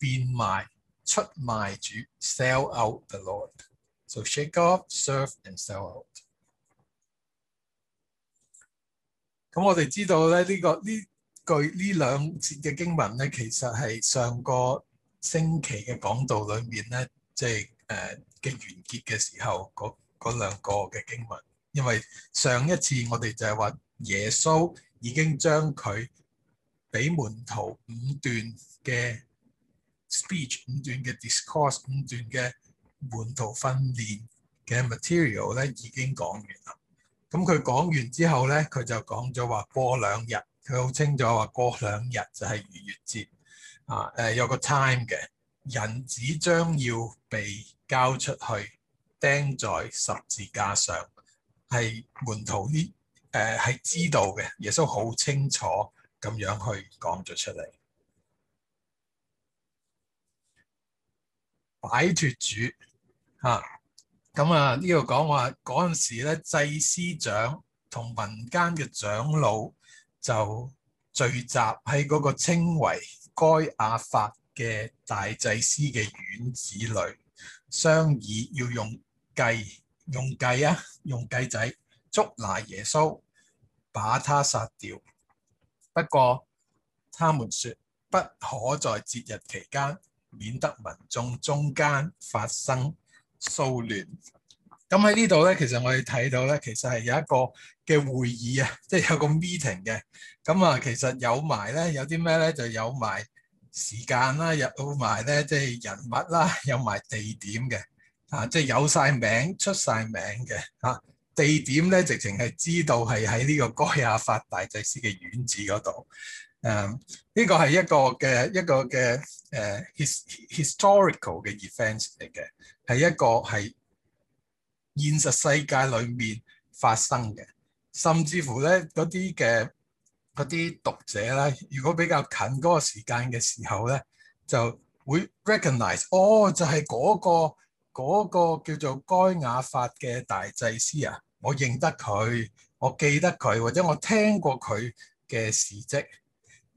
變賣出賣主，sell out the Lord，so shake off，serve and sell out。咁我哋知道咧，呢個呢句呢兩節嘅經文咧，其實係上個星期嘅講道裏面咧，即係誒，已經完結嘅時候嗰嗰兩個嘅經文。因為上一次我哋就係話耶穌已經將佢俾門徒五段嘅。speech 五段嘅 discourse 五段嘅門徒訓練嘅 material 咧，已經講完啦。咁佢講完之後咧，佢就講咗話過兩日，佢好清楚話過兩日就係逾越節啊。誒，有個 time 嘅人子將要被交出去釘在十字架上，係門徒呢，誒、呃、係知道嘅。耶穌好清楚咁樣去講咗出嚟。擺脫主啊！咁啊，呢度講話嗰陣時咧，祭司長同民間嘅長老就聚集喺嗰個稱為該亞法嘅大祭司嘅院子裏，商議要用計用計啊，用計仔捉拿耶穌，把他殺掉。不過，他們說不可在節日期間。免得民眾中間發生騷亂。咁喺呢度咧，其實我哋睇到咧，其實係有一個嘅會議啊，即係有個 meeting 嘅。咁啊，其實有埋咧，有啲咩咧，就有埋時間啦，有埋咧，即係人物啦，有埋地點嘅。啊，即係有晒名，出晒名嘅。啊，地點咧，直情係知道係喺呢個該亞法大祭司嘅院子嗰度。誒，呢、um, 個係一個嘅一個嘅誒、uh,，historical 嘅 events 嚟嘅，係一個係現實世界裏面發生嘅。甚至乎咧，嗰啲嘅嗰啲讀者咧，如果比較近嗰個時間嘅時候咧，就會 recognize 哦，就係嗰個嗰個叫做該亞法嘅大祭司啊，我認得佢，我記得佢，或者我聽過佢嘅事迹。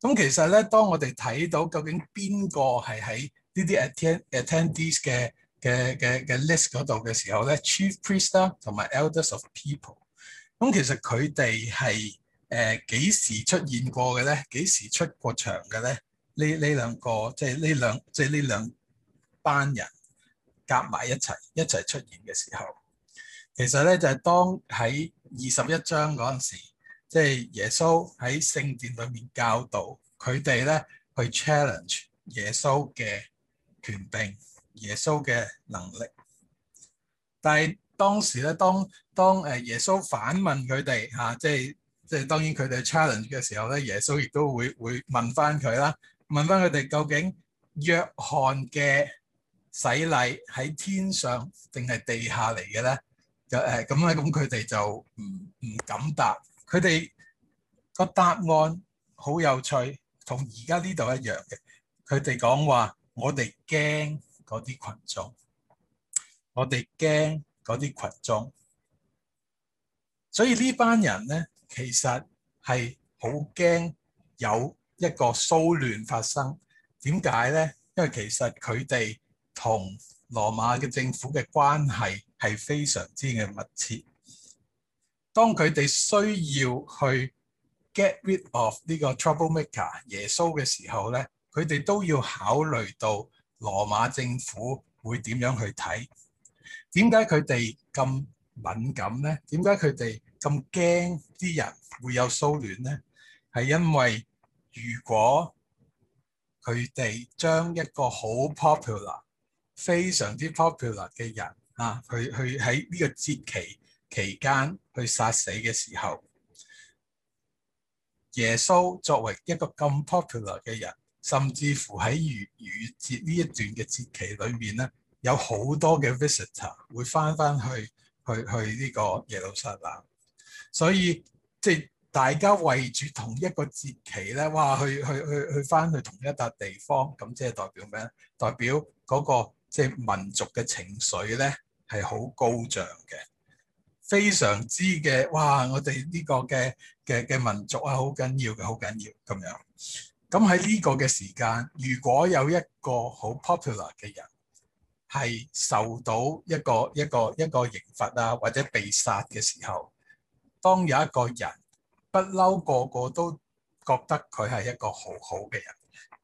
咁其實咧，當我哋睇到究竟邊個係喺呢啲 attend attendees 嘅嘅嘅嘅 list 嗰度嘅時候咧，chief priest 同埋 elders of people。咁其實佢哋係誒幾時出現過嘅咧？幾時出過場嘅咧？呢呢兩個即係呢兩即係呢兩班人夾埋一齊一齊出現嘅時候，其實咧就係、是、當喺二十一章嗰陣時。即係耶穌喺聖殿裏面教導佢哋咧，去 challenge 耶穌嘅權定，耶穌嘅能力。但係當時咧，當當誒耶穌反問佢哋吓，即係即係當然佢哋 challenge 嘅時候咧，耶穌亦都會會問翻佢啦，問翻佢哋究竟約翰嘅洗禮喺天上定係地下嚟嘅咧？就誒咁咧，咁佢哋就唔唔敢答。佢哋個答案好有趣，同而家呢度一樣嘅。佢哋講話：我哋驚嗰啲群眾，我哋驚嗰啲群眾。所以呢班人咧，其實係好驚有一個騷亂發生。點解咧？因為其實佢哋同羅馬嘅政府嘅關係係非常之嘅密切。當佢哋需要去 get rid of 呢個 troublemaker 耶穌嘅時候咧，佢哋都要考慮到羅馬政府會點樣去睇。點解佢哋咁敏感咧？點解佢哋咁驚啲人會有騷亂咧？係因為如果佢哋將一個好 popular、非常之 popular 嘅人啊，去去喺呢個節期期間去殺死嘅時候，耶穌作為一個咁 popular 嘅人，甚至乎喺逾越節呢一段嘅節期裏面咧，有好多嘅 visitor 會翻翻去去去呢個耶路撒冷，所以即係、就是、大家圍住同一個節期咧，哇！去去去去翻去同一笪地方，咁即係代表咩？代表嗰、那個即係、就是、民族嘅情緒咧係好高漲嘅。非常之嘅，哇！我哋呢個嘅嘅嘅民族係，好緊要嘅，好緊要咁樣。咁喺呢個嘅時間，如果有一個好 popular 嘅人係受到一個一個一個一個刑罰啊，或者被殺嘅時候，當有一個人不嬲個個都覺得佢係一個好好嘅人，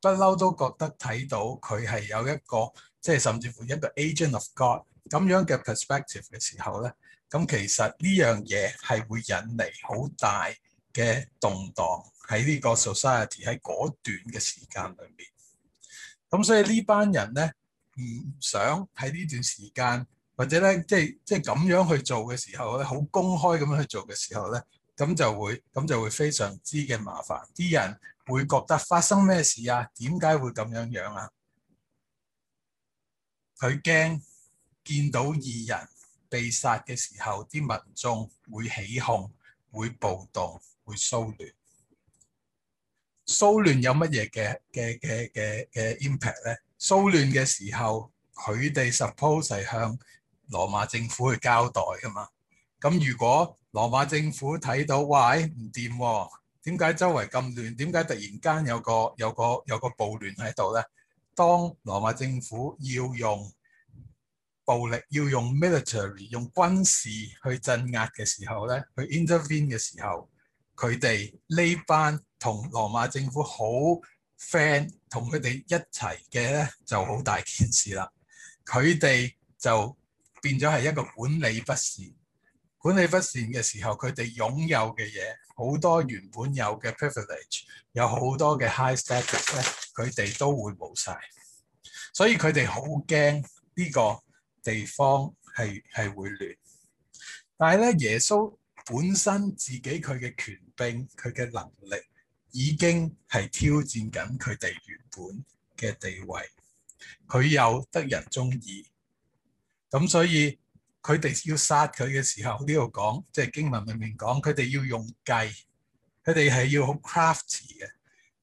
不嬲都覺得睇到佢係有一個即係甚至乎一個 agent of God 咁樣嘅 perspective 嘅時候咧。咁其實呢樣嘢係會引嚟好大嘅動盪喺呢個 society 喺嗰段嘅時間裏面。咁所以呢班人咧，唔想喺呢段時間或者咧，即係即係咁樣去做嘅時候咧，好公開咁樣去做嘅時候咧，咁就會咁就會非常之嘅麻煩。啲人會覺得發生咩事啊？點解會咁樣樣啊？佢驚見到異人。被殺嘅時候，啲民眾會起哄、會暴動，會騷亂。騷亂有乜嘢嘅嘅嘅嘅嘅 impact 咧？騷亂嘅時候，佢哋 suppose 係向羅馬政府去交代噶嘛？咁如果羅馬政府睇到，喂，唔掂喎，點解、哦、周圍咁亂？點解突然間有個有個有個暴亂喺度咧？當羅馬政府要用暴力要用 military 用軍事去鎮壓嘅時候咧，去 intervene 嘅時候，佢哋呢班同羅馬政府好 friend，同佢哋一齊嘅咧，就好大件事啦。佢哋就變咗係一個管理不善，管理不善嘅時候，佢哋擁有嘅嘢，好多原本有嘅 privilege，有好多嘅 high status 咧，佢哋都會冇晒，所以佢哋好驚呢個。地方係係會亂，但係咧，耶穌本身自己佢嘅權柄、佢嘅能力已經係挑戰緊佢哋原本嘅地位。佢又得人中意，咁所以佢哋要殺佢嘅時候，呢度講即係經文裏面講，佢哋要用計，佢哋係要好 crafty 嘅。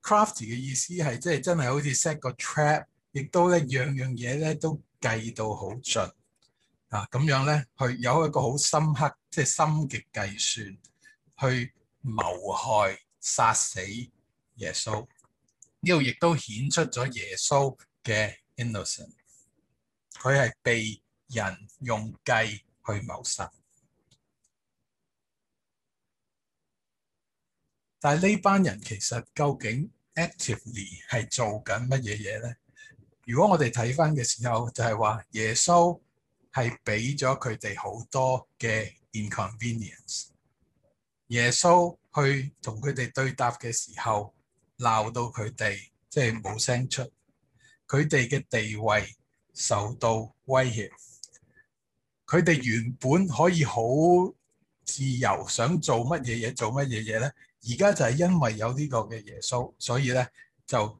crafty 嘅意思係即係真係好似 set 個 trap，亦都咧樣樣嘢咧都。計到好盡啊！咁樣咧，去有一個好深刻，即係心機計算，去謀害、殺死耶穌。呢度亦都顯出咗耶穌嘅 innocent，佢係被人用計去謀殺。但係呢班人其實究竟 actively 係做緊乜嘢嘢咧？如果我哋睇翻嘅時候，就係話耶穌係俾咗佢哋好多嘅 inconvenience。耶穌去同佢哋對答嘅時候，鬧到佢哋即係冇聲出，佢哋嘅地位受到威脅。佢哋原本可以好自由，想做乜嘢嘢做乜嘢嘢咧，而家就係因為有呢個嘅耶穌，所以咧就。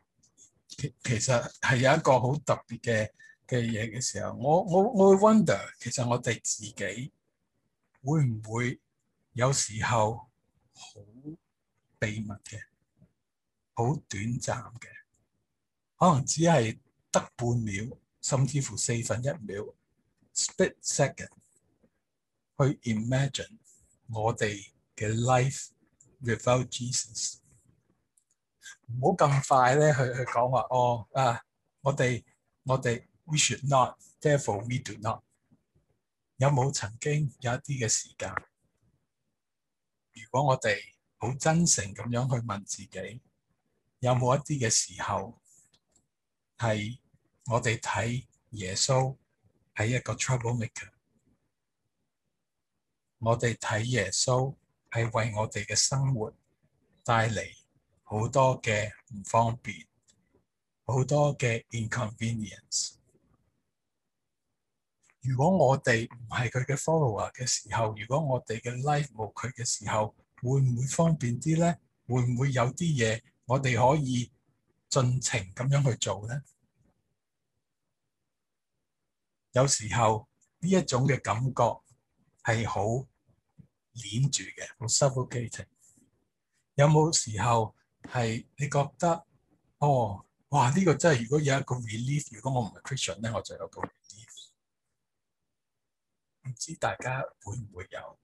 其其實係有一個好特別嘅嘅嘢，嘅時候，我我我會 wonder，其實我哋自己會唔會有時候好秘密嘅、好短暫嘅，可能只係得半秒，甚至乎四分一秒，split second，去 imagine 我哋嘅 life without Jesus。唔好咁快咧，去去講話哦啊！我哋我哋，we should not, therefore we do not。有冇曾經有一啲嘅時間？如果我哋好真誠咁樣去問自己，有冇一啲嘅時候係我哋睇耶穌係一個 troublemaker？我哋睇耶穌係為我哋嘅生活帶嚟，好多嘅唔方便，好多嘅 inconvenience。如果我哋唔係佢嘅 follower 嘅時候，如果我哋嘅 life 冇佢嘅時候，會唔會方便啲咧？會唔會有啲嘢，我哋可以盡情咁樣去做咧？有時候呢一種嘅感覺係好黏住嘅，好 subjugated。有冇時候？係你覺得哦，哇呢個真係如果有一個 relief，如果我唔係 Christian 咧，我就有一個 relief。唔知大家會唔會有？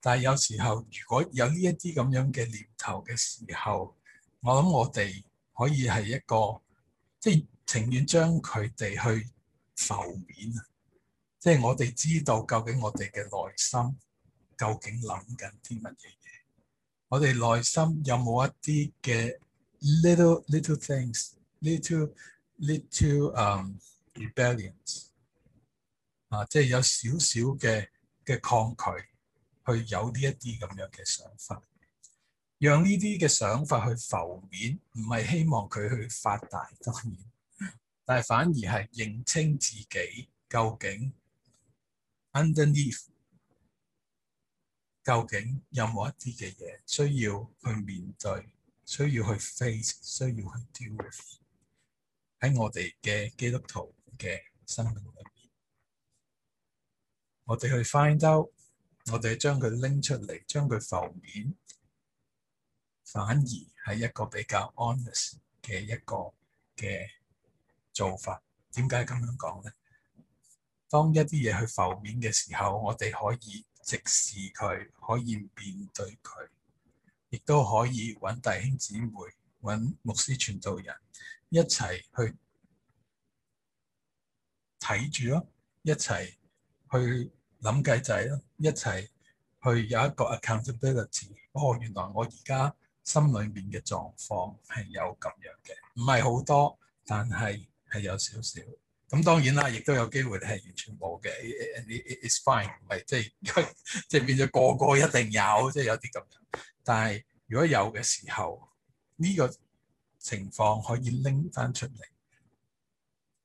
但係有時候如果有呢一啲咁樣嘅念頭嘅時候，我諗我哋可以係一個，即係情願將佢哋去浮面啊！即係我哋知道究竟我哋嘅內心究竟諗緊啲乜嘢。我哋內心有冇一啲嘅 little little things, little little、um, rebellions 啊，即係有少少嘅嘅抗拒，去有呢一啲咁樣嘅想法，讓呢啲嘅想法去浮面，唔係希望佢去發大，當然，但係反而係認清自己究竟 underneath。究竟有冇一啲嘅嘢需要去面對、需要去 face、需要去 deal with，喺我哋嘅基督徒嘅生命裏邊，我哋去 find out，我哋將佢拎出嚟，將佢浮面，反而係一個比較 honest 嘅一個嘅做法。點解咁樣講咧？當一啲嘢去浮面嘅時候，我哋可以。直視佢，可以面對佢，亦都可以揾弟兄姊妹、揾牧師傳道人一齊去睇住咯，一齊去諗計仔咯，一齊去有一個 accountability。哦，原來我而家心裏面嘅狀況係有咁樣嘅，唔係好多，但係係有少少。咁當然啦，亦都有機會係完全冇嘅，it it it's fine，唔係即係即係變咗個個一個一定有，即係有啲咁樣。但係如果有嘅時候，呢個情況可以拎翻出嚟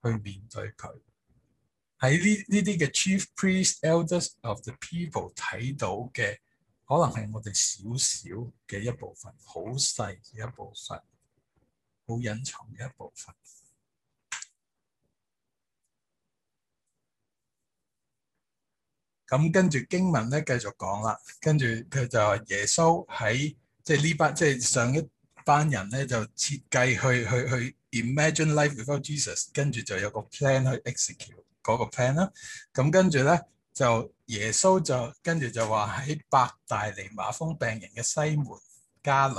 去面對佢。喺呢呢啲嘅 chief priests elders of the people 睇到嘅，可能係我哋少少嘅一部分，好細嘅一部分，好隱藏嘅一部分。咁跟住經文咧繼續講啦，跟住佢就話耶穌喺即係呢班即係上一班人咧就設計去去去 imagine life without Jesus，跟住就有個 plan 去 execute 嗰個 plan 啦。咁跟住咧就耶穌就跟住就話喺伯大尼麻風病人嘅西門家裏，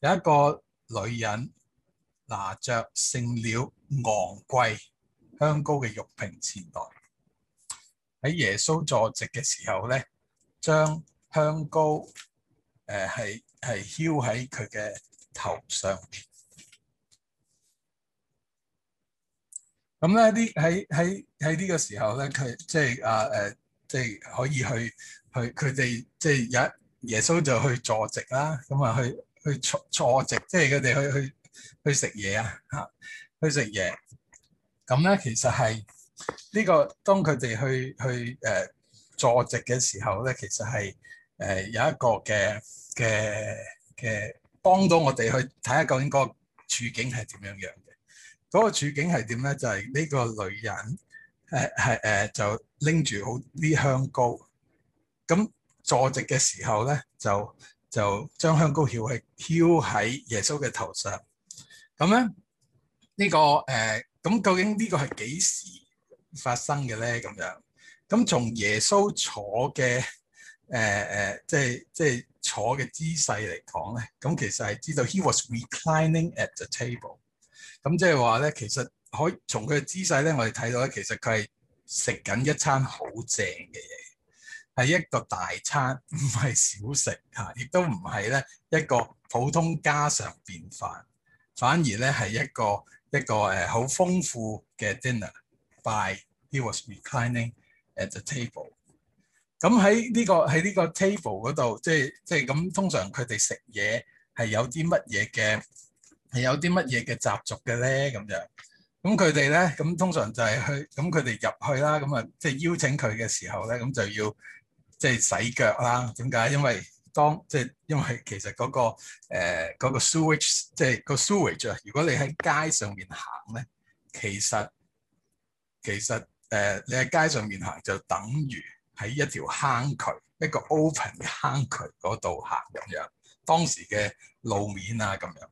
有一個女人拿著盛了昂貴香膏嘅玉瓶前來。喺耶穌坐席嘅時候咧，將香膏誒係係澆喺佢嘅頭上。咁咧啲喺喺喺呢個時候咧，佢即係啊誒，即係、啊呃、可以去去佢哋即係有耶穌就去坐席啦。咁、嗯、啊去去坐坐席，即係佢哋去去去食嘢啊嚇，去食嘢。咁咧、啊嗯嗯、其實係。呢、這個當佢哋去去誒、呃、坐席嘅時候咧，其實係誒、呃、有一個嘅嘅嘅幫到我哋去睇下究竟嗰個處境係點樣樣嘅。嗰、那個處境係點咧？就係、是、呢個女人誒係誒就拎住好啲香膏，咁、呃、坐席嘅時候咧就就將香膏澆喺澆喺耶穌嘅頭上。咁咧呢、這個誒咁、呃、究竟呢個係幾時？發生嘅咧咁樣咁從、嗯、耶穌坐嘅誒誒，即係即係坐嘅姿勢嚟講咧，咁其實係知道。He was reclining at the table。咁即係話咧，其實可從佢嘅姿勢咧，我哋睇到咧，其實佢係食緊一餐好正嘅嘢，係一個大餐，唔係小食吓，亦、啊、都唔係咧一個普通家常便飯，反而咧係一個一個誒好豐富嘅 dinner。by He was reclining at the table，這個。咁喺呢個喺呢個 table 嗰度，即係即係咁通常佢哋食嘢係有啲乜嘢嘅，係有啲乜嘢嘅習俗嘅咧咁樣。咁佢哋咧咁通常就係去咁佢哋入去啦。咁啊，即係邀請佢嘅時候咧，咁就要即係、就是、洗腳啦。點解？因為當即係、就是、因為其實嗰、那個誒嗰、呃那個 sewage 即係個 sewage 啊。如果你喺街上面行咧，其實。其實誒、呃，你喺街上面行就等於喺一條坑渠、一個 open 嘅坑渠嗰度行咁樣。當時嘅路面啊咁樣，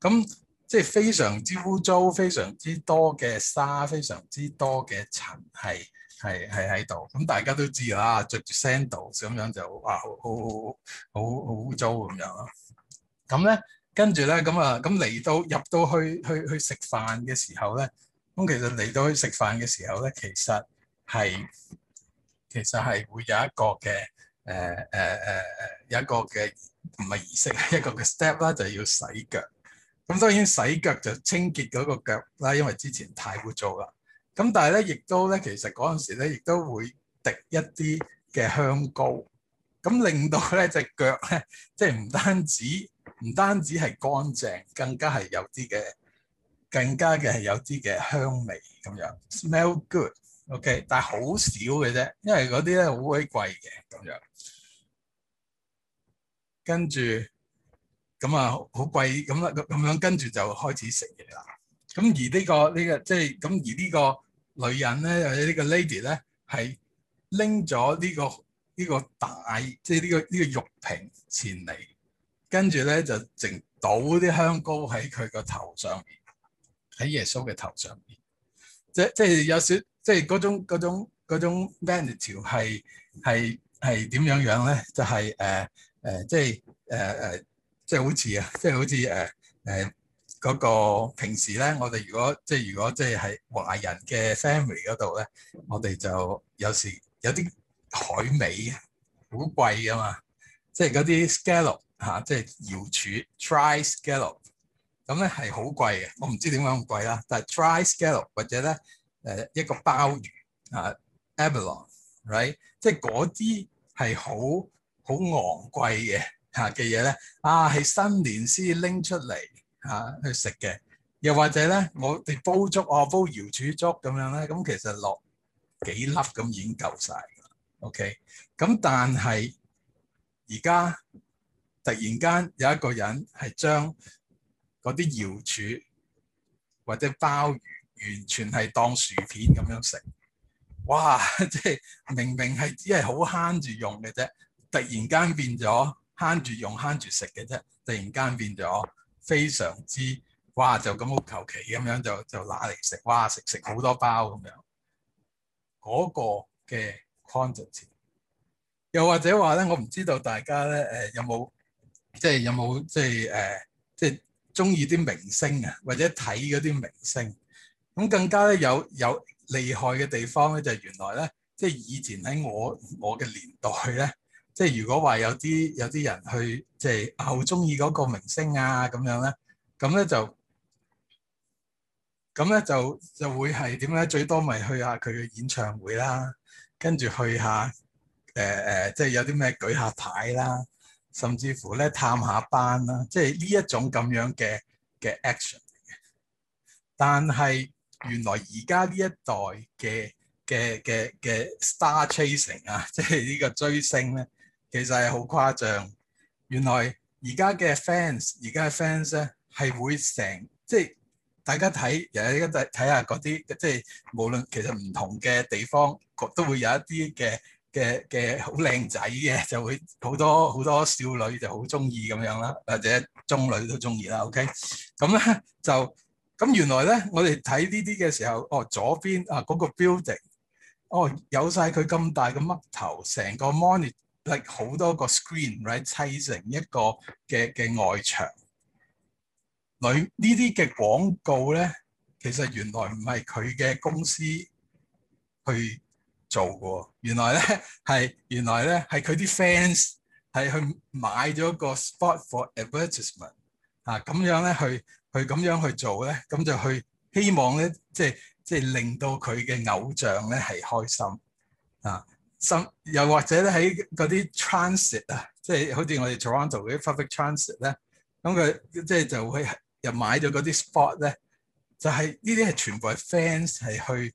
咁即係非常之污糟，非常之多嘅沙，非常之多嘅塵，係係係喺度。咁大家都知啦，着住 sandal 咁樣就哇，好好好好污糟咁樣咯。咁咧，跟住咧，咁啊，咁嚟到入到去去去食飯嘅時候咧。咁其實嚟到去食飯嘅時候咧，其實係其實係會有一個嘅誒誒誒誒有一個嘅唔係儀式，一個嘅 step 啦，就係要洗腳。咁當然洗腳就清潔嗰個腳啦，因為之前太污糟啦。咁但係咧，亦都咧，其實嗰陣時咧，亦都會滴一啲嘅香膏，咁令到咧隻腳咧，即係唔單止唔單止係乾淨，更加係有啲嘅。更加嘅係有啲嘅香味咁樣，Smell good，OK，但係好少嘅啫，因為嗰啲咧好鬼貴嘅咁樣。跟住咁啊，好貴咁啦，咁樣跟住就開始食嘢啦。咁而呢個呢個即係咁而呢個女人咧，或者呢個 lady 咧，係拎咗呢個呢個大即係呢個呢個玉瓶前嚟，跟住咧就淨倒啲香膏喺佢個頭上面。喺耶穌嘅頭上邊，即即係有時，即係嗰種嗰種嗰種 vanity 係係係點樣樣咧？就係誒誒，即係誒誒，即係好似啊，即係好似誒誒嗰個平時咧，我哋如果即係如果即係喺華人嘅 family 嗰度咧，我哋就有時有啲海味啊，好貴㗎嘛，即係嗰啲 scallop 嚇、啊，即係瑤柱 dry scallop。咁咧係好貴嘅，我唔知點解咁貴啦。但係 dry scallop 或者咧誒一個鮑魚啊、uh, abalone, right 即係嗰啲係好好昂貴嘅嚇嘅嘢咧。啊，係新年先拎出嚟嚇、uh, 去食嘅。又或者咧，我哋煲粥啊，煲瑤柱粥咁樣咧，咁、嗯、其實落幾粒咁已經夠晒嘅啦。OK，咁但係而家突然間有一個人係將嗰啲瑤柱或者鮑魚，完全係當薯片咁樣食，哇！即係明明係只係好慳住用嘅啫，突然間變咗慳住用慳住食嘅啫，突然間變咗非常之哇！就咁好求其咁樣就就拿嚟食，哇！食食好多包咁樣，嗰、那個嘅 concept，又或者話咧，我唔知道大家咧誒、呃、有冇即係有冇即係誒、呃、即係。中意啲明星啊，或者睇嗰啲明星，咁更加咧有有厲害嘅地方咧，就原來咧，即係以前喺我我嘅年代咧，即係如果話有啲有啲人去，即係好中意嗰個明星啊咁樣咧，咁咧就咁咧就就會係點咧？最多咪去下佢嘅演唱會啦，跟住去下誒誒，即係有啲咩舉下牌啦。甚至乎咧探下班啦，即係呢一種咁樣嘅嘅 action 嚟嘅。但係原來而家呢一代嘅嘅嘅嘅 star chasing 啊，即係呢個追星咧，其實係好誇張。原來而家嘅 fans，而家嘅 fans 咧係會成，即係大家睇有一個睇睇下嗰啲，即係無論其實唔同嘅地方，都都會有一啲嘅。嘅嘅好靚仔嘅就會好多好多少女就好中意咁樣啦，或者中女都中意啦。OK，咁咧就咁原來咧，我哋睇呢啲嘅時候，哦，左邊啊嗰個 building，哦，有曬佢咁大嘅麥頭，成個 monitor，好多個 screen，right，砌成一個嘅嘅外牆。佢呢啲嘅廣告咧，其實原來唔係佢嘅公司去。做過，原來咧係原來咧係佢啲 fans 係去買咗個 spot for advertisement 啊，咁樣咧去去咁樣去做咧，咁就去希望咧即係即係令到佢嘅偶像咧係開心啊，心又或者咧喺嗰啲 transit 啊，即係好似我哋 Toronto 嗰啲 public transit 咧，啊，咁佢即係就會又買咗嗰啲 spot 咧，就係呢啲係全部係 fans 係去。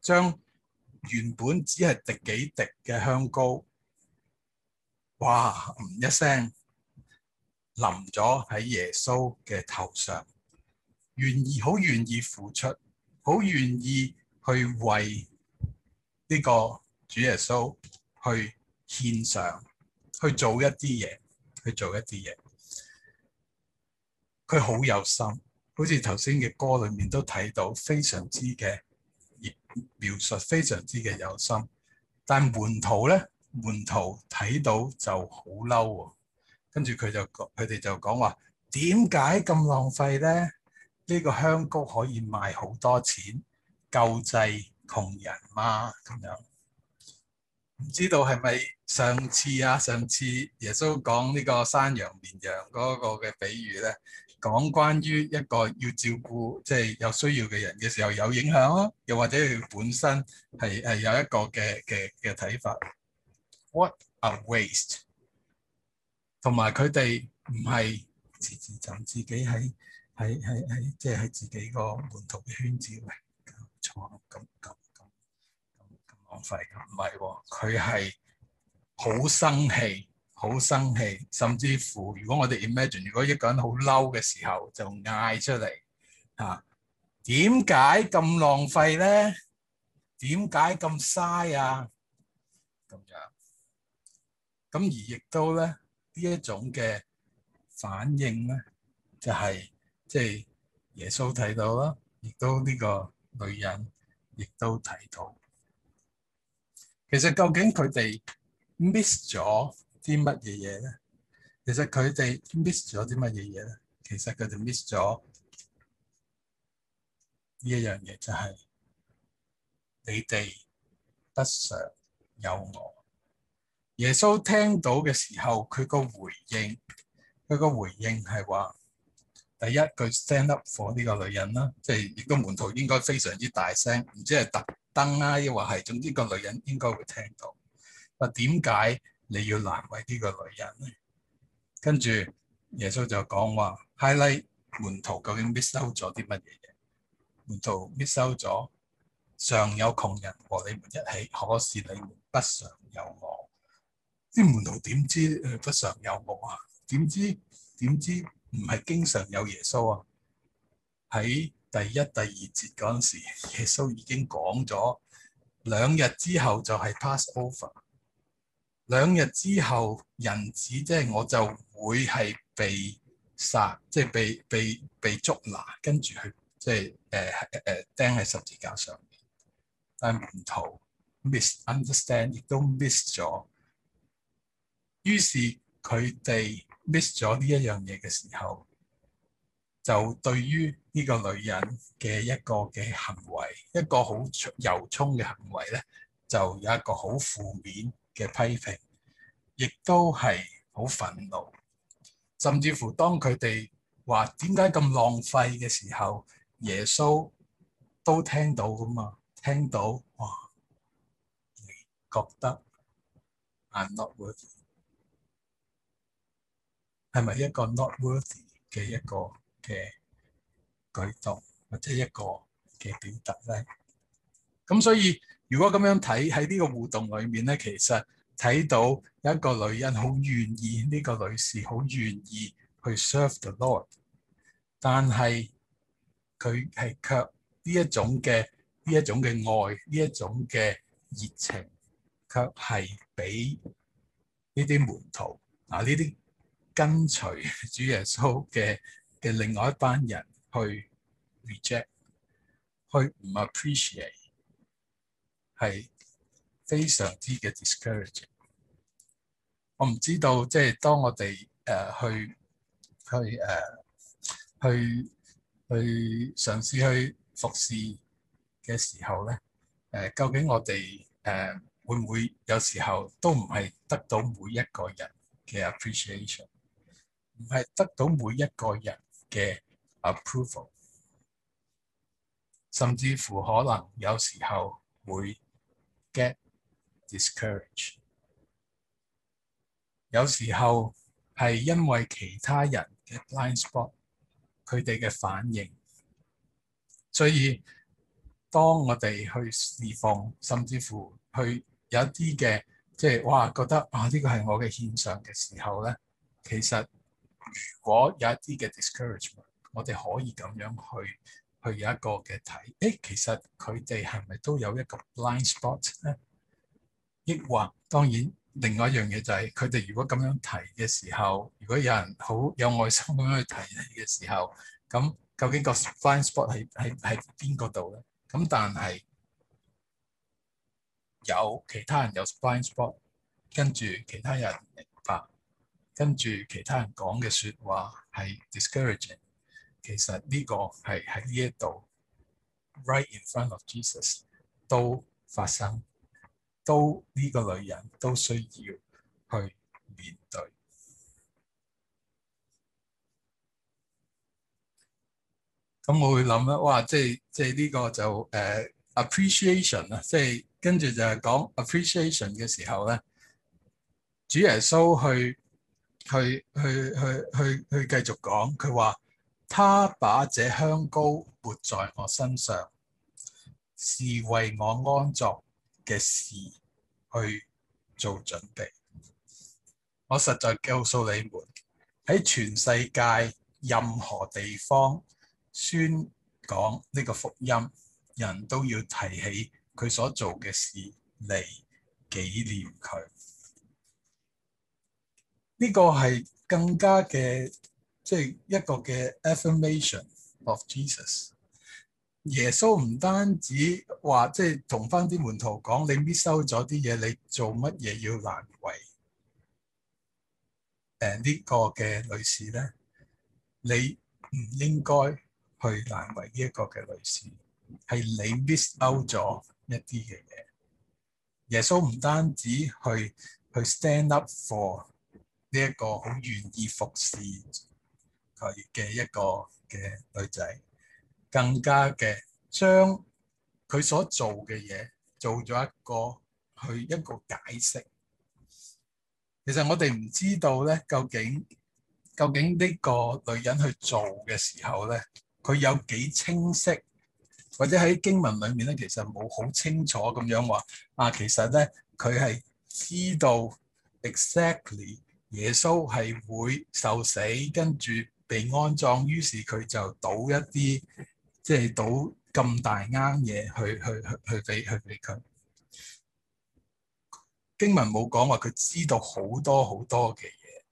將原本只係滴幾滴嘅香膏，哇！唔一聲淋咗喺耶穌嘅頭上，願意好願意付出，好願意去為呢個主耶穌去獻上，去做一啲嘢，去做一啲嘢。佢好有心，好似頭先嘅歌裏面都睇到，非常之嘅。描述非常之嘅有心，但係門徒咧，門徒睇到就好嬲喎，跟住佢就佢哋就講話，點解咁浪費咧？呢、這個香膏可以賣好多錢，救濟窮人嘛？咁樣唔知道係咪上次啊？上次耶穌講呢個山羊綿羊嗰個嘅比喻咧？講關於一個要照顧即係、就是、有需要嘅人嘅時候有影響咯，啊，又或者佢本身係係有一個嘅嘅嘅睇法。What a waste！同埋佢哋唔係自自尋自己喺喺喺喺，即係喺自己個門徒嘅圈子喂，哎、錯咁咁咁咁浪費，唔係喎，佢係好生氣。好生氣，甚至乎，如果我哋 imagine，如果一個人好嬲嘅時候，就嗌出嚟吓，點解咁浪費咧？點解咁嘥啊？咁樣，咁而亦都咧，呢一種嘅反應咧，就係即係耶穌睇到啦，亦都呢個女人亦都睇到。其實究竟佢哋 miss 咗啲乜嘢嘢咧？其實佢哋 miss 咗啲乜嘢嘢咧？其實佢哋 miss 咗呢一樣嘢，就係、是、你哋不常有我。耶穌聽到嘅時候，佢個回應，佢個回應係話：第一句，句 stand up for 呢個女人啦，即係亦都門徒應該非常之大聲，唔知係特登啦，抑或係總之個女人應該會聽到。話點解？你要難為呢個女人咧，跟住耶穌就講話，highlight 門徒究竟 miss 收咗啲乜嘢嘢？門徒 miss 收咗，常有窮人和你們一起，可是你們不常有我。啲門徒點知不常有我啊？點知點知唔係經常有耶穌啊？喺第一、第二節嗰陣時，耶穌已經講咗，兩日之後就係 Passover。兩日之後，人子即係我就會係被殺，即係被被被捉拿，跟住去即係誒誒釘喺十字架上面。但係唔同 misunderstand 亦都 miss 咗。於是佢哋 miss 咗呢一樣嘢嘅時候，就對於呢個女人嘅一個嘅行為，一個好油沖嘅行為咧，就有一個好負面嘅批評，亦都係好憤怒，甚至乎當佢哋話點解咁浪費嘅時候，耶穌都聽到咁啊，聽到哇，你覺得顏樂會係咪一個 not worthy 嘅一個嘅舉動，或者一個嘅表達咧？咁所以。如果咁樣睇，喺呢個互動裏面咧，其實睇到一個女人好願意，呢個女士好願意去 serve the Lord，但係佢係卻呢一種嘅呢一種嘅愛，呢一種嘅熱情，卻係俾呢啲門徒嗱，呢啲跟隨主耶穌嘅嘅另外一班人去 reject，去唔 appreciate。係非常之嘅 discouraging。我唔知道，即係當我哋誒、呃、去、呃、去誒去去嘗試去服侍嘅時候咧，誒、呃、究竟我哋誒、呃、會唔會有時候都唔係得到每一個人嘅 appreciation，唔係得到每一個人嘅 approval，甚至乎可能有時候會。Get discourage，有時候係因為其他人嘅 blind spot，佢哋嘅反應，所以當我哋去示放，甚至乎去有一啲嘅，即係哇覺得啊呢個係我嘅獻上嘅時候咧，其實如果有一啲嘅 discouragement，我哋可以咁樣去。去有一個嘅睇，誒、欸，其實佢哋係咪都有一個 blind spot 咧？抑或當然，另外一樣嘢就係佢哋如果咁樣提嘅時候，如果有人好有愛心咁樣去提你嘅時候，咁究竟個 blind spot 係係係邊個度咧？咁但係有其他人有 blind spot，跟住其他人明白、啊，跟住其他人講嘅説話係 discouraging。其實呢個係喺呢一度，right in front of Jesus 都發生，都呢個女人都需要去面對。咁我會諗咧，哇！即係即係呢個就誒、uh，appreciation 啊！即係跟住就係講 appreciation 嘅時候咧，主耶穌去去去去去去繼續講，佢話。他把這香膏抹在我身上，是為我安葬嘅事去做準備。我實在告訴你們，喺全世界任何地方宣講呢個福音，人都要提起佢所做嘅事嚟紀念佢。呢、這個係更加嘅。即係一個嘅 affirmation of Jesus。耶穌唔單止話，即係同返啲門徒講，你 miss out 咗啲嘢，你做乜嘢要難為誒呢個嘅女士咧？你唔應該去難為呢一個嘅女士，係你 miss out 咗一啲嘅嘢。耶穌唔單止去去 stand up for 呢一個好願意服侍佢嘅一個嘅女仔，更加嘅將佢所做嘅嘢做咗一個去一個解釋。其實我哋唔知道咧，究竟究竟呢個女人去做嘅時候咧，佢有幾清晰，或者喺經文裏面咧，其實冇好清楚咁樣話啊。其實咧，佢係知道 exactly 耶穌係會受死，跟住。被安葬，於是佢就倒一啲，即係倒咁大啱嘢去去去去俾去俾佢。經文冇講話佢知道好多好多嘅嘢，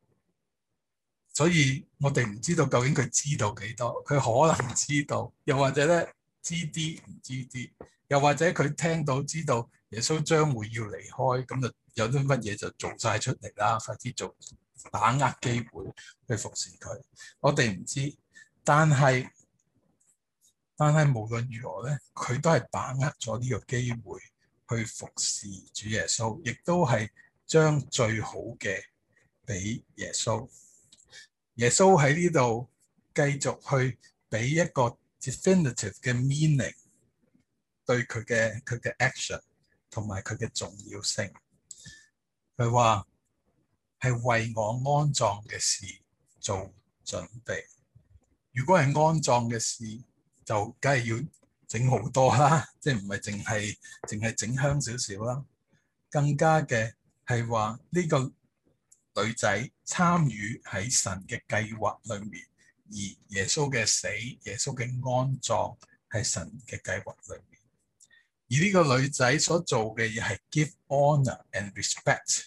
所以我哋唔知道究竟佢知道幾多。佢可能知道，又或者呢知啲唔知啲，又或者佢聽到知道耶穌將會要離開，咁就有啲乜嘢就做晒出嚟啦，快啲做。把握機會去服侍佢，我哋唔知，但係但係無論如何咧，佢都係把握咗呢個機會去服侍主耶穌，亦都係將最好嘅俾耶穌。耶穌喺呢度繼續去俾一個 definitive 嘅 meaning 對佢嘅佢嘅 action 同埋佢嘅重要性。佢話：係為我安葬嘅事做準備。如果係安葬嘅事，就梗係要整好多啦，即係唔係淨係淨係整香少少啦。更加嘅係話呢個女仔參與喺神嘅計劃裡面，而耶穌嘅死、耶穌嘅安葬喺神嘅計劃裡面，而呢個女仔所做嘅嘢係 give honor and respect。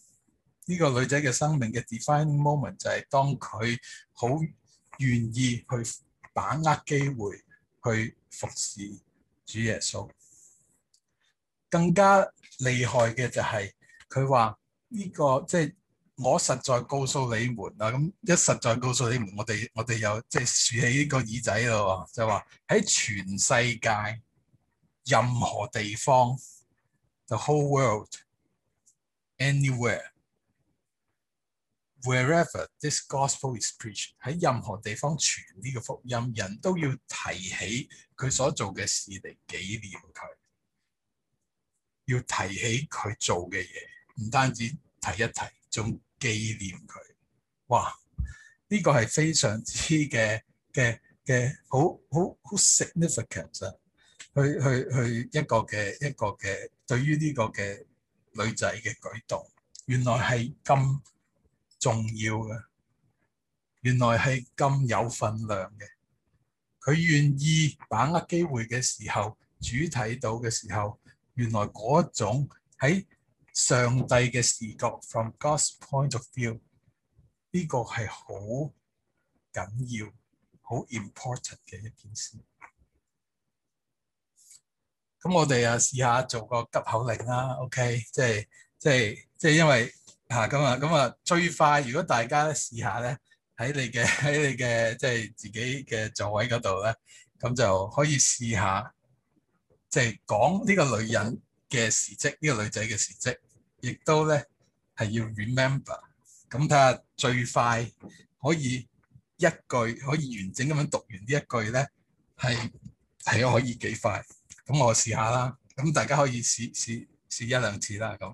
呢個女仔嘅生命嘅 defining moment 就係當佢好願意去把握機會去服侍主耶穌。更加厲害嘅就係佢話：呢、這個即係、就是、我實在告訴你們啦，咁一實在告訴你們，我哋我哋有即係豎起呢個耳仔咯，就話、是、喺全世界任何地方，the whole world，anywhere。Wherever this gospel is preached, 喺任何地方傳呢個福音，人都要提起佢所做嘅事嚟紀念佢，要提起佢做嘅嘢，唔單止提一提，仲紀念佢。哇！呢、這個係非常之嘅嘅嘅，好好好 significant 啊！去去去一，一個嘅一個嘅對於呢個嘅女仔嘅舉動，原來係咁。重要嘅，原來係咁有份量嘅。佢願意把握機會嘅時候，主睇到嘅時候，原來嗰種喺上帝嘅視覺 （from God's point of view），呢個係好緊要、好 important 嘅一件事。咁我哋啊，試下做個急口令啦，OK？即係即係即係，因為。吓，咁啊咁啊，最快，如果大家試下咧，喺你嘅喺你嘅即係自己嘅座位度咧，咁就可以試下，即係講呢個女人嘅事迹，呢個女仔嘅事迹，亦都咧係要 remember。咁睇下最快可以一句可以完整咁樣讀完呢一句咧，係係可以幾快？咁我試下啦。咁大家可以試試試一兩次啦。咁。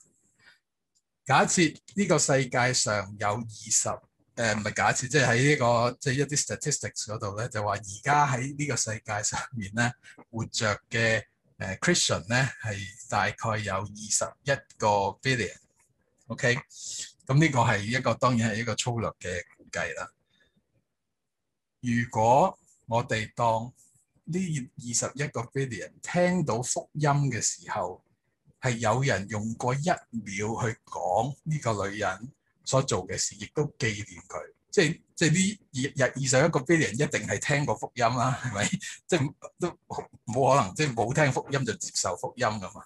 假設呢個世界上有二十誒，唔係假設，即係喺、這個、呢個即係一啲 statistics 嗰度咧，就話而家喺呢個世界上面咧，活着嘅誒 Christian 咧係大概有二十一個 billion，OK，咁呢個係一個當然係一個粗略嘅估計啦。如果我哋當呢二十一個 billion 聽到福音嘅時候，係有人用過一秒去講呢個女人所做嘅事，亦都紀念佢。即係即係呢二二二十一個 billion 一定係聽過福音啦，係咪？即係都冇可能，即係冇聽福音就接受福音㗎嘛。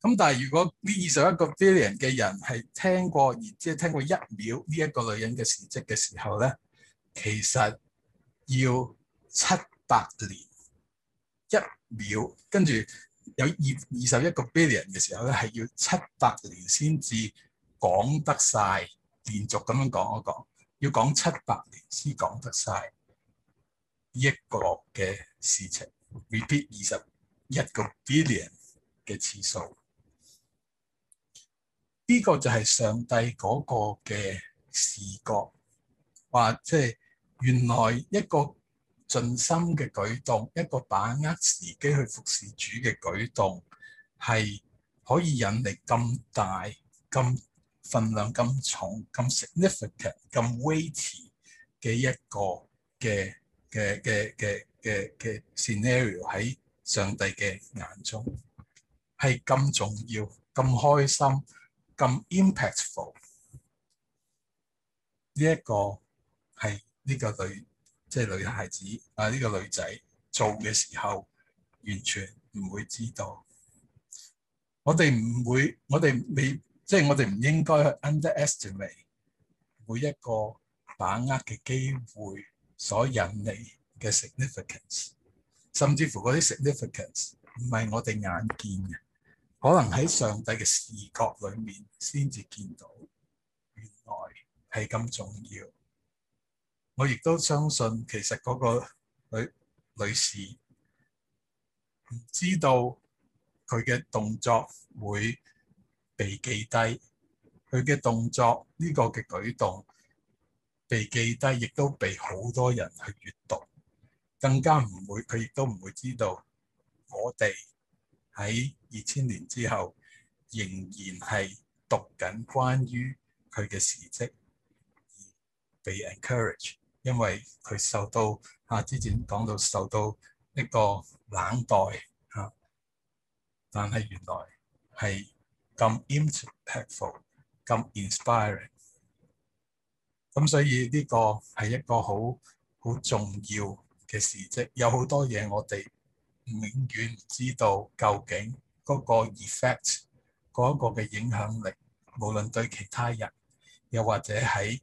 咁但係如果呢二十一個 billion 嘅人係聽過而即係聽過一秒呢一個女人嘅事蹟嘅時候咧，其實要七百年一秒，跟住。有二二十一個 billion 嘅時候咧，係要七百年先至講得晒。連續咁樣講一講，要講七百年先講得晒。一個嘅事情 repeat 二十一個 billion 嘅次數，呢、這個就係上帝嗰個嘅視覺，話即係原來一個，盡心嘅舉動，一個把握時機去服侍主嘅舉動，係可以引嚟咁大、咁份量、咁重、咁 significant、咁 weighty 嘅一個嘅嘅嘅嘅嘅嘅 scenario，喺上帝嘅眼中係咁重要、咁開心、咁 impactful 呢一個係呢個女。即係女孩子啊！呢個女仔做嘅時候，完全唔會知道。我哋唔會，我哋未即係我哋唔應該去 underestimate 每一個把握嘅機會所引嚟嘅 significance，甚至乎嗰啲 significance 唔係我哋眼見嘅，可能喺上帝嘅視覺裏面先至見到，原來係咁重要。我亦都相信，其實嗰個女女士唔知道佢嘅動作會被記低，佢嘅動作呢個嘅舉動被記低，亦都被好多人去閲讀，更加唔會，佢亦都唔會知道我哋喺二千年之後仍然係讀緊關於佢嘅事蹟，而被 encourage。因為佢受到啊，之前講到受到一個冷待啊，但係原來係咁 impactful、咁 inspiring，咁所以呢個係一個好好重要嘅時節。有好多嘢我哋永遠唔知道究竟嗰個 effect、嗰個嘅影響力，無論對其他人又或者喺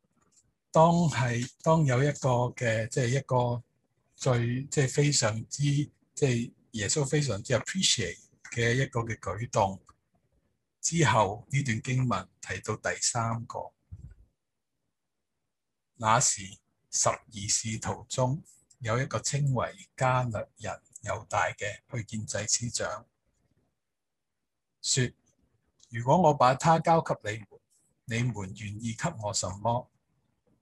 當係當有一個嘅，即係一個最即係非常之即係耶穌非常之 appreciate 嘅一個嘅舉動之後，呢段經文提到第三個。那時十二使徒中有一個稱為加略人猶大嘅，去見祭司長，說：如果我把他交給你們，你們願意給我什麼？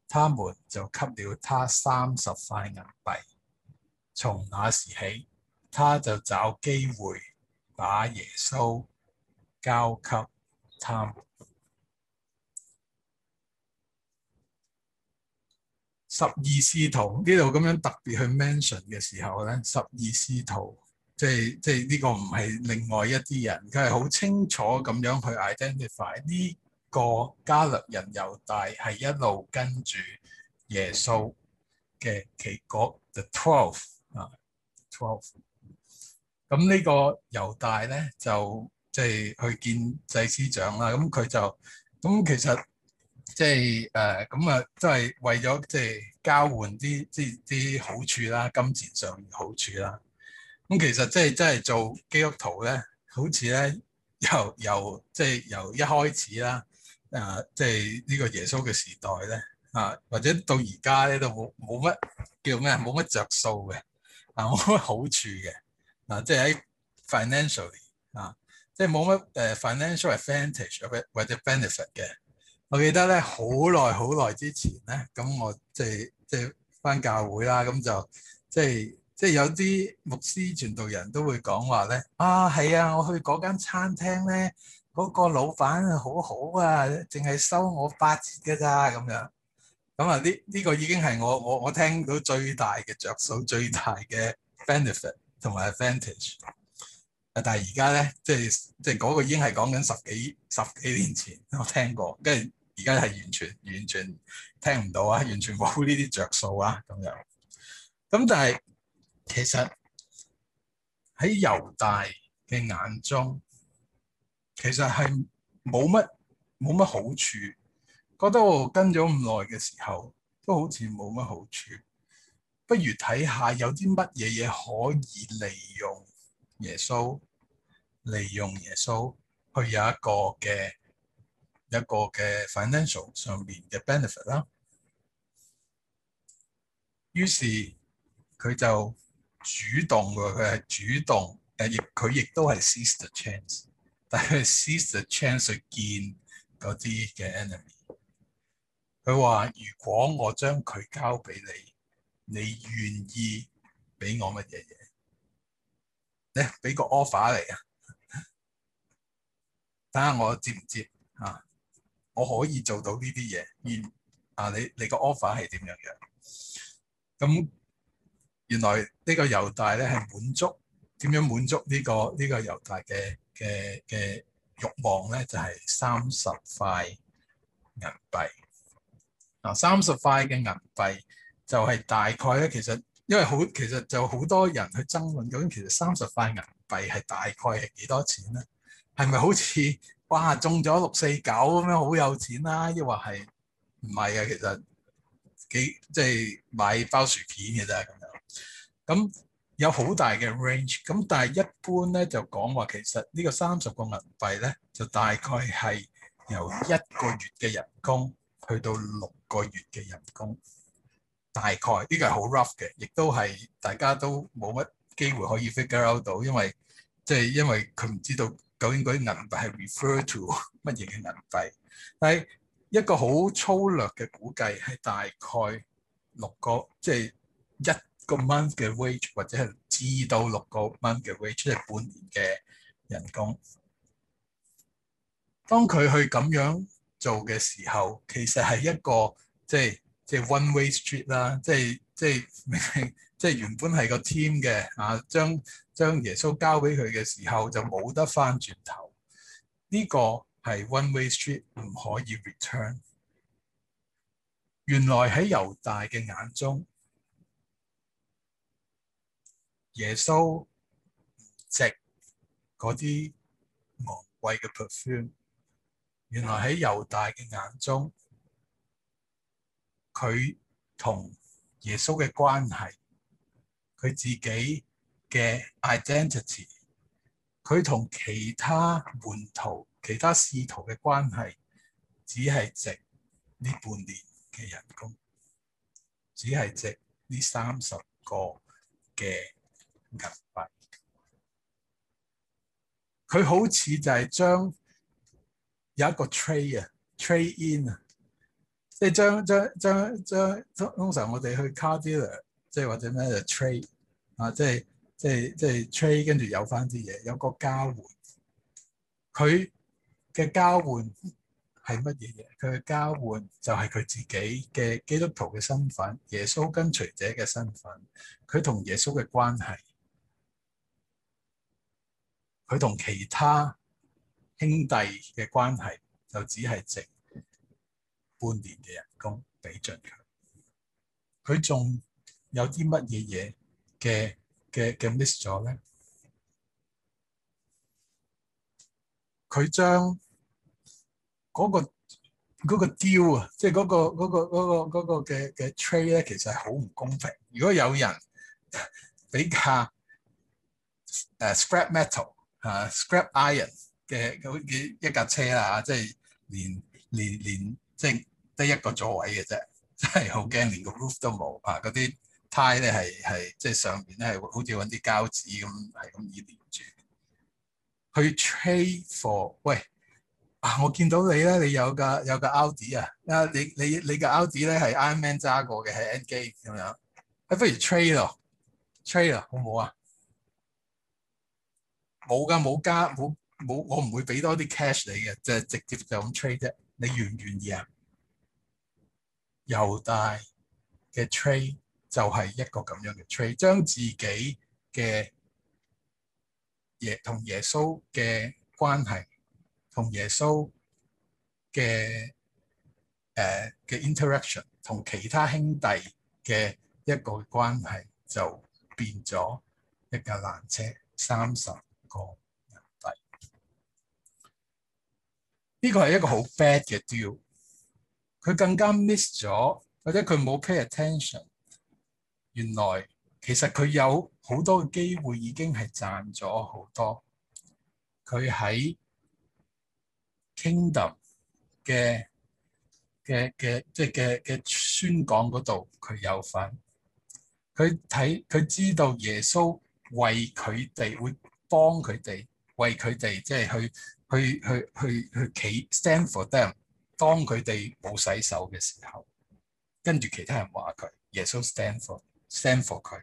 他們就給了他三十塊銀幣。從那時起，他就找機會把耶穌交給他們。十二使徒呢度咁樣特別去 mention 嘅時候咧，十二使徒即係即係呢個唔係另外一啲人，佢係好清楚咁樣去 identify 啲。個加勒人猶大係一路跟住耶穌嘅奇果 the twelve 啊 twelve 咁呢個猶大咧就即係去見祭司長啦，咁佢就咁其實即係誒咁啊，即、呃、係為咗即係交換啲啲啲好處啦，金錢上面嘅好處啦。咁其實即係即係做基督徒咧，好似咧由由即係、就是、由一開始啦。誒，即係呢個耶穌嘅時代咧，啊，或者到而家咧都冇冇乜叫咩，冇乜着數嘅，啊，冇乜好處嘅，啊，即係喺 financial 啊，即係冇乜誒 financial advantage 或者 benefit 嘅。我記得咧好耐好耐之前咧，咁我即係即係翻教會啦，咁就即係即係有啲牧師傳道人都會講話咧，啊，係啊，我去嗰間餐廳咧。嗰個老闆係好好啊，淨係收我八折㗎咋咁樣。咁啊，呢呢個已經係我我我聽到最大嘅着數，最大嘅 benefit 同埋 advantage。但係而家咧，即係即係嗰個已經係講緊十幾十幾年前我聽過，跟住而家係完全完全聽唔到啊，完全冇呢啲着數啊咁樣。咁但係其實喺猶大嘅眼中。其實係冇乜冇乜好處，覺得我跟咗咁耐嘅時候，都好似冇乜好處。不如睇下有啲乜嘢嘢可以利用耶穌，利用耶穌去有一個嘅一個嘅 financial 上面嘅 benefit 啦。於是佢就主動，佢係主動，但係佢亦都係 seize the chance。但係，seek the chance to 見嗰啲嘅 enemy。佢話：如果我將佢交俾你，你願意俾我乜嘢嘢咧？俾個 offer 嚟啊！睇下我接唔接啊？我可以做到呢啲嘢。而啊，你你個 offer 係點樣樣？咁原來呢個猶大咧係滿足點樣滿足呢個呢個猶大嘅？嘅嘅慾望咧就係三十塊銀幣，嗱三十塊嘅銀幣就係大概咧，其實因為好其實就好多人去爭論究竟其實三十塊銀幣係大概係幾多錢咧？係咪好似哇中咗六四九咁樣好有錢啦，啊？抑或係唔係啊？其實幾即係、就係、買包薯片嘅啫咁樣，咁。有好大嘅 range，咁但係一般咧就講，話其實呢個三十個銀幣咧就大概係由一個月嘅人工去到六個月嘅人工，大概呢個係好 rough 嘅，亦都係大家都冇乜機會可以 figure out 到，因為即係因為佢唔知道究竟嗰啲銀幣係 refer to 乜嘢嘅銀幣，但係一個好粗略嘅估計係大概六個即係一。個 month 嘅 wage 或者係至到六個 month 嘅 wage，即係半年嘅人工。當佢去咁樣做嘅時候，其實係一個即係即係 one-way street 啦，即係即係即係原本係個 team 嘅啊，將將耶穌交俾佢嘅時候就冇得翻轉頭。呢個係 one-way street，唔可以 return。原來喺猶大嘅眼中。耶穌值嗰啲昂貴嘅 perfume。原來喺猶大嘅眼中，佢同耶穌嘅關係，佢自己嘅 identity，佢同其他門徒、其他仕徒嘅關係，只係值呢半年嘅人工，只係值呢三十個嘅。佢好似就係將有一個 trade 啊，trade in 啊，即係將將將將通常我哋去 car dealer 即係或者咩 trade 啊，即係即係即係 trade，跟住有翻啲嘢，有個交換。佢嘅交換係乜嘢嘢？佢嘅交換就係佢自己嘅基督徒嘅身份，耶穌跟隨者嘅身份，佢同耶穌嘅關係。佢同其他兄弟嘅關係就只係值半年嘅人工俾盡佢，佢仲有啲乜嘢嘢嘅嘅嘅 miss 咗咧？佢將嗰個嗰、嗰個、deal 啊、嗰個，即係嗰個嗰、嗰個嗰、嗰個嘅嘅、嗰個嗰個、trade 咧，其實係好唔公平。如果有人比較誒 scrap metal。嚇、uh，Scrap Iron 嘅嗰一架車啦嚇、啊，即係連連連即係得一個座位嘅啫，真係好驚，連個 roof 都冇嚇，嗰、啊、啲胎咧係係即係上面咧係好似揾啲膠紙咁係咁易黏住。去 trade for，喂，啊，我見到你咧，你有架有架 Audi 啊 K，啊，你你你架 Audi 咧係 Iron Man 揸過嘅，係 N G 咁樣，哎，不如 trade 咯，trade 啊，好唔好啊？冇㗎，冇加，冇冇，我唔會俾多啲 cash 你嘅，即係直接就咁 trade 啫。你願唔願意啊？猶大嘅 trade 就係一個咁樣嘅 trade，將自己嘅耶同耶穌嘅關係同耶穌嘅誒嘅、呃、interaction，同其他兄弟嘅一個關係就變咗一架纜車，三十個人幣呢個係一個好 bad 嘅 deal，佢更加 miss 咗，或者佢冇 pay attention。原來其實佢有好多嘅機會已經係賺咗好多。佢喺 Kingdom 嘅嘅嘅即係嘅嘅、就是、宣講嗰度，佢有份。佢睇佢知道耶穌為佢哋會。幫佢哋，為佢哋即係去去去去去企 stand for them，當佢哋冇洗手嘅時候，跟住其他人話佢，耶穌 stand for stand for 佢。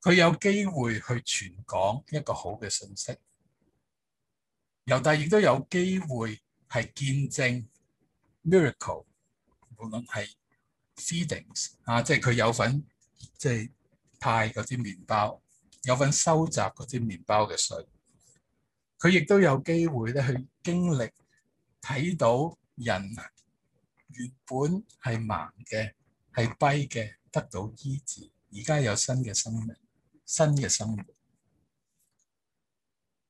佢有機會去傳講一個好嘅信息，猶大亦都有機會係見證 miracle，無論係 feedings 啊，即係佢有份即係派嗰啲麵包。有份收集嗰啲麵包嘅水，佢亦都有機會咧去經歷睇到人原本係盲嘅係跛嘅，得到醫治，而家有新嘅生命、新嘅生活。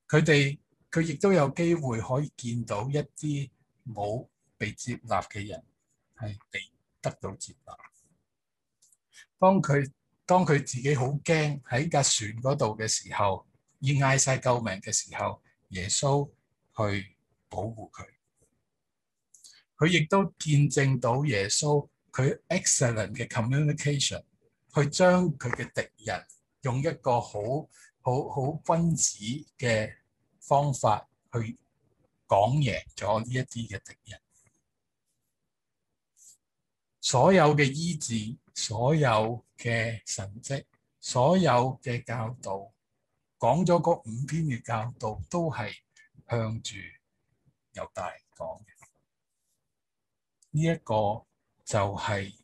佢哋佢亦都有機會可以見到一啲冇被接納嘅人，係被得到接納，當佢。當佢自己好驚喺架船嗰度嘅時候，要嗌晒救命嘅時候，耶穌去保護佢。佢亦都見證到耶穌佢 excellent 嘅 communication，去將佢嘅敵人用一個好好好君子嘅方法去講贏咗呢一啲嘅敵人。所有嘅醫治，所有嘅神蹟，所有嘅教導，講咗嗰五篇嘅教導，都係向住猶大講嘅。呢、這、一個就係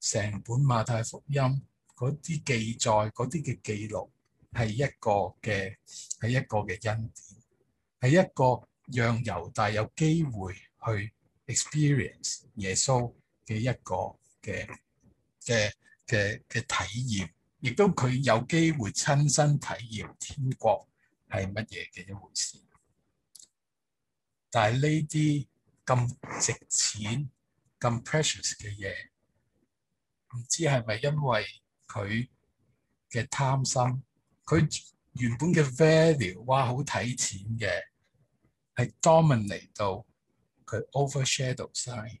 成本馬太福音嗰啲記載，嗰啲嘅記錄係一個嘅，係一個嘅恩典，係一個讓猶大有機會去 experience 耶穌。嘅一個嘅嘅嘅嘅體驗，亦都佢有機會親身體驗天國係乜嘢嘅一回事。但係呢啲咁值錢、咁 precious 嘅嘢，唔知係咪因為佢嘅貪心，佢原本嘅 value 哇，好睇錢嘅，係 dominate 到佢 overshadow 晒。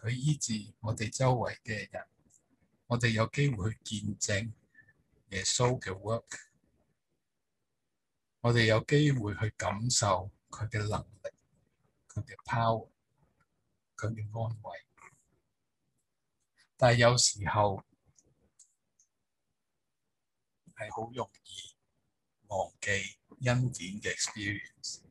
佢醫治我哋周圍嘅人，我哋有機會去見證耶穌嘅 work，我哋有機會去感受佢嘅能力、佢嘅 power、佢嘅安慰。但係有時候係好容易忘記恩典嘅 experience，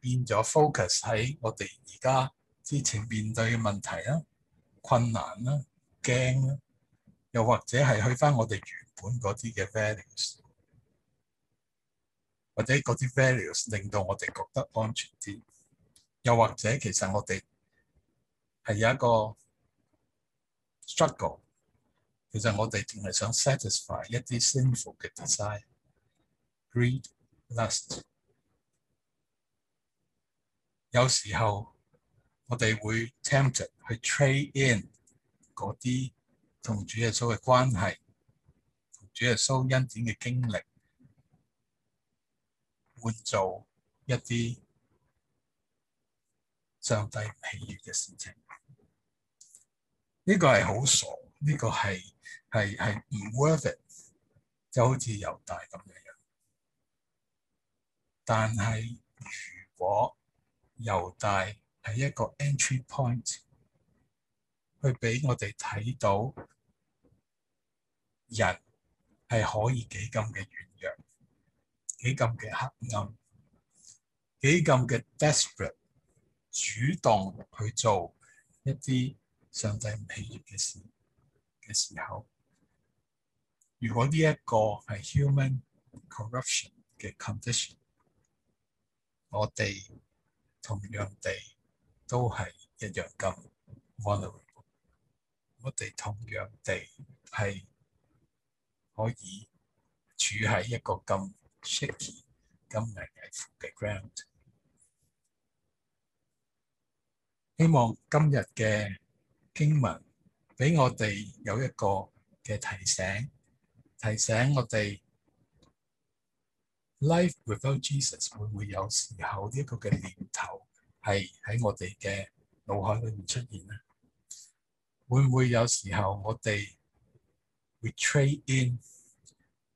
變咗 focus 喺我哋而家。之前面對嘅問題啦、困難啦、驚啦，又或者係去翻我哋原本嗰啲嘅 values，或者嗰啲 values 令到我哋覺得安全啲，又或者其實我哋係有一個 struggle。其實我哋淨係想 satisfy 一啲 sincere 嘅 desire、greed、lust。有時候。我哋會 tempted 去 trade in 嗰啲同主耶穌嘅關係，同主耶穌恩典嘅經歷，換做一啲上帝唔喜悅嘅事情。呢、這個係好傻，呢、這個係係係唔 worth it，就好似猶大咁樣樣。但係如果猶大係一個 entry point，去俾我哋睇到人係可以幾咁嘅軟弱，幾咁嘅黑暗，幾咁嘅 desperate 主動去做一啲上帝唔喜悅嘅事嘅時候，如果呢一個係 human corruption 嘅 condition，我哋同樣地。都係一樣咁，我哋同樣地係可以處喺一個咁 shakey、咁危危乎嘅 ground。希望今日嘅經文俾我哋有一個嘅提醒，提醒我哋 life without Jesus 會唔會有時候呢個嘅念頭。係喺我哋嘅腦海裏面出現啦，會唔會有時候我哋會 train in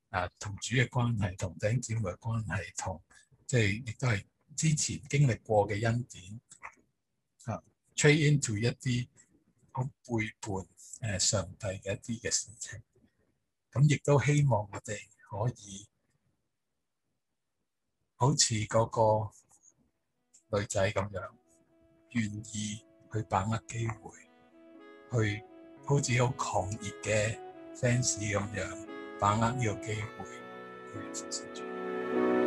啊同主嘅關係，同弟兄嘅關係，同即係亦都係之前經歷過嘅恩典啊 train into 一啲好背叛誒上帝嘅一啲嘅事情，咁、嗯、亦都希望我哋可以好似嗰、那個。女仔咁樣願意去把握機會，去好似好狂熱嘅 fans 咁樣把握呢個機會，係非常之重